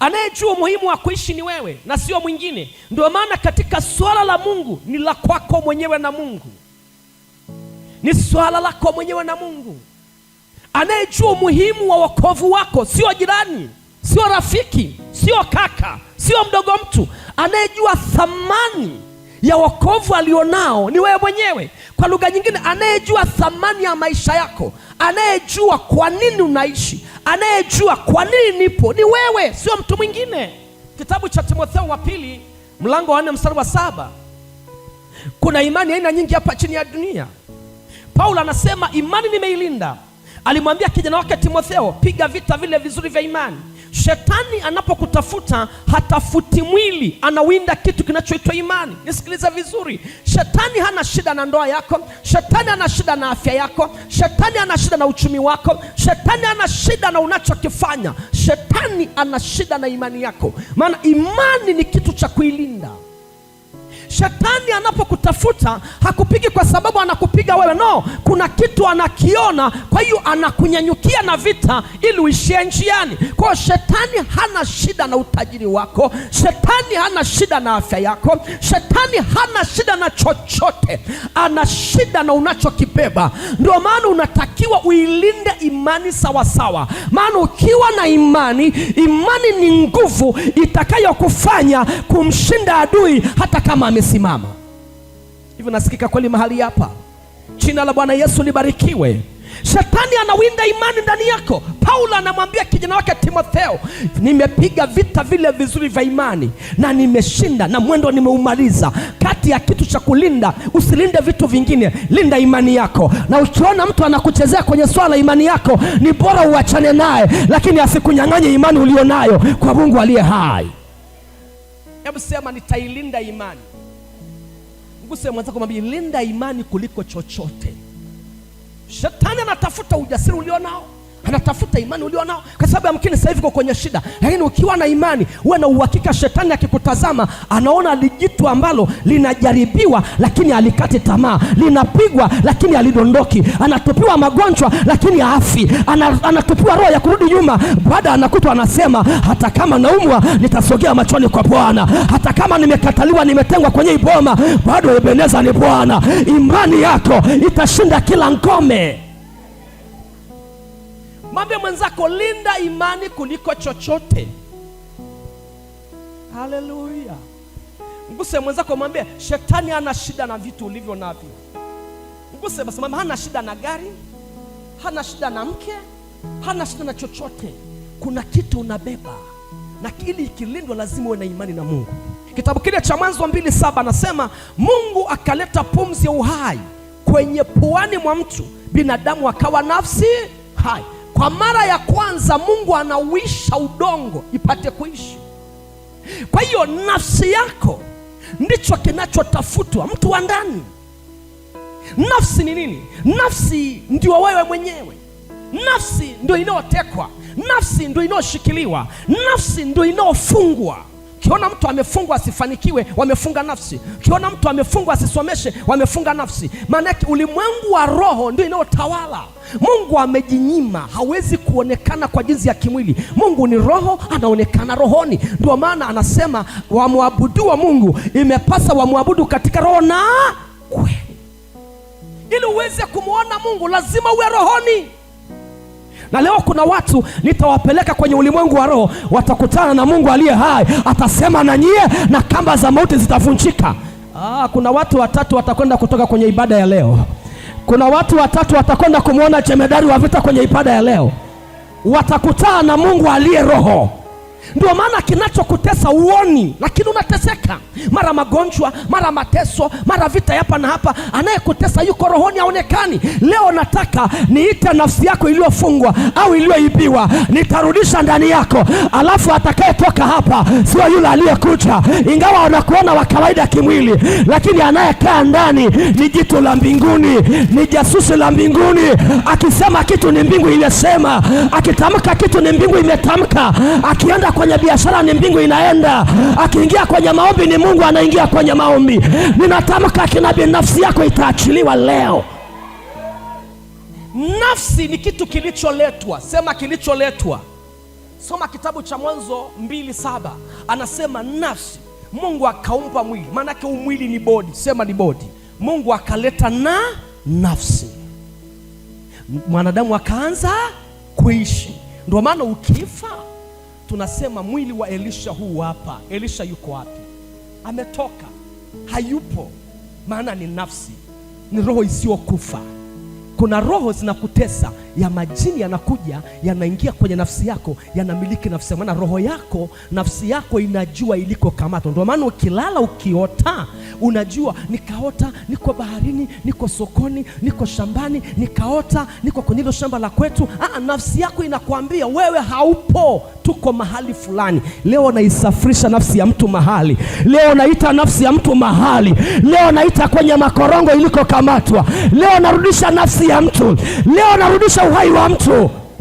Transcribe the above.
Anayejua umuhimu wa kuishi ni wewe na sio mwingine. Ndio maana katika swala la Mungu ni la kwako mwenyewe na Mungu, ni swala lako mwenyewe na Mungu. Anayejua umuhimu wa wokovu wako sio jirani, sio rafiki, sio kaka, sio mdogo mtu. Anayejua thamani ya wokovu alionao ni wewe mwenyewe. Kwa lugha nyingine, anayejua thamani ya maisha yako Anayejua kwa nini unaishi, anayejua kwa nini nipo ni wewe, sio mtu mwingine. Kitabu cha Timotheo wa pili mlango wa nne mstari wa saba. Kuna imani aina nyingi hapa chini ya dunia. Paulo anasema imani nimeilinda. Alimwambia kijana wake Timotheo, piga vita vile vizuri vya imani. Shetani anapokutafuta hatafuti mwili, anawinda kitu kinachoitwa imani. Nisikiliza vizuri, shetani hana shida na ndoa yako, shetani hana shida na afya yako, shetani hana shida na uchumi wako, shetani hana shida na unachokifanya, shetani ana shida na imani yako, maana imani ni kitu cha kuilinda. Shetani anapokutafuta hakupigi kwa sababu anakupiga wewe, no, kuna kitu anakiona, kwa hiyo anakunyanyukia na vita ili uishie njiani. Kwa hiyo shetani hana shida na utajiri wako, shetani hana shida na afya yako, shetani hana shida na chochote, ana shida na unachokibeba. Ndio maana unatakiwa uilinde imani sawasawa, maana ukiwa na imani, imani ni nguvu itakayokufanya kumshinda adui hata kama ame amesimama. Hivyo nasikika kweli mahali hapa. Jina la Bwana Yesu libarikiwe. Shetani anawinda imani ndani yako. Paulo anamwambia kijana wake Timotheo, nimepiga vita vile vizuri vya imani na nimeshinda na mwendo nimeumaliza. Kati ya kitu cha kulinda, usilinde vitu vingine, linda imani yako. Na ukiona mtu anakuchezea kwenye swala la imani yako, ni bora uachane naye, lakini asikunyang'anye imani ulionayo kwa Mungu aliye hai. Hebu sema, nitailinda imani mguse mwenzako, mwambie linda imani kuliko chochote. Shetani anatafuta ujasiri ulio nao anatafuta imani ulio nao, kwa sababu yamkini sasa hivi uko kwenye shida, lakini ukiwa na imani uwe na uhakika, shetani akikutazama anaona lijitu ambalo linajaribiwa lakini alikati tamaa, linapigwa lakini alidondoki, anatupiwa magonjwa lakini afi, anatupiwa roho ya kurudi nyuma, baada anakutwa anasema, hata kama naumwa nitasogea machoni kwa Bwana, hata kama nimekataliwa, nimetengwa kwenye iboma, bado Ebeneza ni Bwana. Imani yako itashinda kila ngome. Mwambie mwenzako, linda imani kuliko chochote. Haleluya! Mguse mwenzako, mwambie shetani hana shida na vitu ulivyo navyo. Mguse basi, mwambie hana shida na gari, hana shida na mke, hana shida na chochote. Kuna kitu unabeba na ili ikilindwa lazima uwe na imani na Mungu. Kitabu kile cha Mwanzo mbili saba anasema Mungu akaleta pumzi ya uhai kwenye puani mwa mtu, binadamu akawa nafsi hai. Kwa mara ya kwanza Mungu anauisha udongo ipate kuishi. Kwa hiyo nafsi yako ndicho kinachotafutwa, mtu wa ndani. Nafsi ni nini? Nafsi ndio wewe mwenyewe. Nafsi ndio inayotekwa, nafsi ndio inayoshikiliwa, nafsi ndio inayofungwa. Ukiona mtu amefungwa asifanikiwe, wamefunga nafsi. Ukiona mtu amefungwa asisomeshe, wamefunga nafsi. Maana yake ulimwengu wa roho ndio inayotawala. Mungu amejinyima, hawezi kuonekana kwa jinsi ya kimwili. Mungu ni roho, anaonekana rohoni. Ndio maana anasema wamwabudu wa Mungu imepasa wamwabudu katika roho na kweli. Ili uweze kumwona Mungu lazima uwe rohoni. Na leo kuna watu nitawapeleka kwenye ulimwengu wa roho, watakutana na Mungu aliye hai, atasema na nyie na kamba za mauti zitavunjika. Ah, kuna watu watatu watakwenda kutoka kwenye ibada ya leo. Kuna watu watatu watakwenda kumwona jemedari wa vita kwenye ibada ya leo, watakutana na Mungu aliye roho ndio maana kinachokutesa uoni, lakini unateseka, mara magonjwa, mara mateso, mara vita hapa na hapa. Anayekutesa yuko rohoni, aonekani Leo nataka niite nafsi yako iliyofungwa au iliyoibiwa, nitarudisha ndani yako, alafu atakayetoka hapa sio yule aliyekuja, ingawa anakuona wa kawaida kimwili, lakini anayekaa ndani ni jitu la mbinguni, ni jasusi la mbinguni. Akisema kitu ni mbingu imesema akitamka kitu ni mbingu imetamka, akienda Akiingia kwenye biashara ni mbingu inaenda, akiingia kwenye maombi ni Mungu anaingia kwenye maombi. Ninatamka kinabii, nafsi yako itaachiliwa leo. Nafsi ni kitu kilicholetwa, sema kilicholetwa. Soma kitabu cha Mwanzo mbili saba anasema nafsi, Mungu akaumpa mwili, maanake huu mwili ni bodi, sema ni bodi. Mungu akaleta na nafsi, mwanadamu akaanza kuishi. Ndio maana ukifa tunasema mwili wa Elisha huu hapa. Elisha yuko wapi? Ametoka, hayupo. Maana ni nafsi, ni roho isiyokufa. Kuna roho zinakutesa ya majini yanakuja, yanaingia kwenye nafsi yako, yanamiliki nafsi yako, maana roho yako, nafsi yako inajua ilikokamatwa. Ndio maana ukilala ukiota, unajua nikaota niko baharini, niko sokoni, niko shambani, nikaota niko kwenye hilo shamba la kwetu. Aa, ah, nafsi yako inakwambia wewe haupo, tuko mahali fulani. Leo naisafirisha nafsi ya mtu mahali, leo naita nafsi ya mtu mahali, leo naita kwenye makorongo ilikokamatwa, leo narudisha nafsi ya mtu, leo narudisha Why uhai wa mtu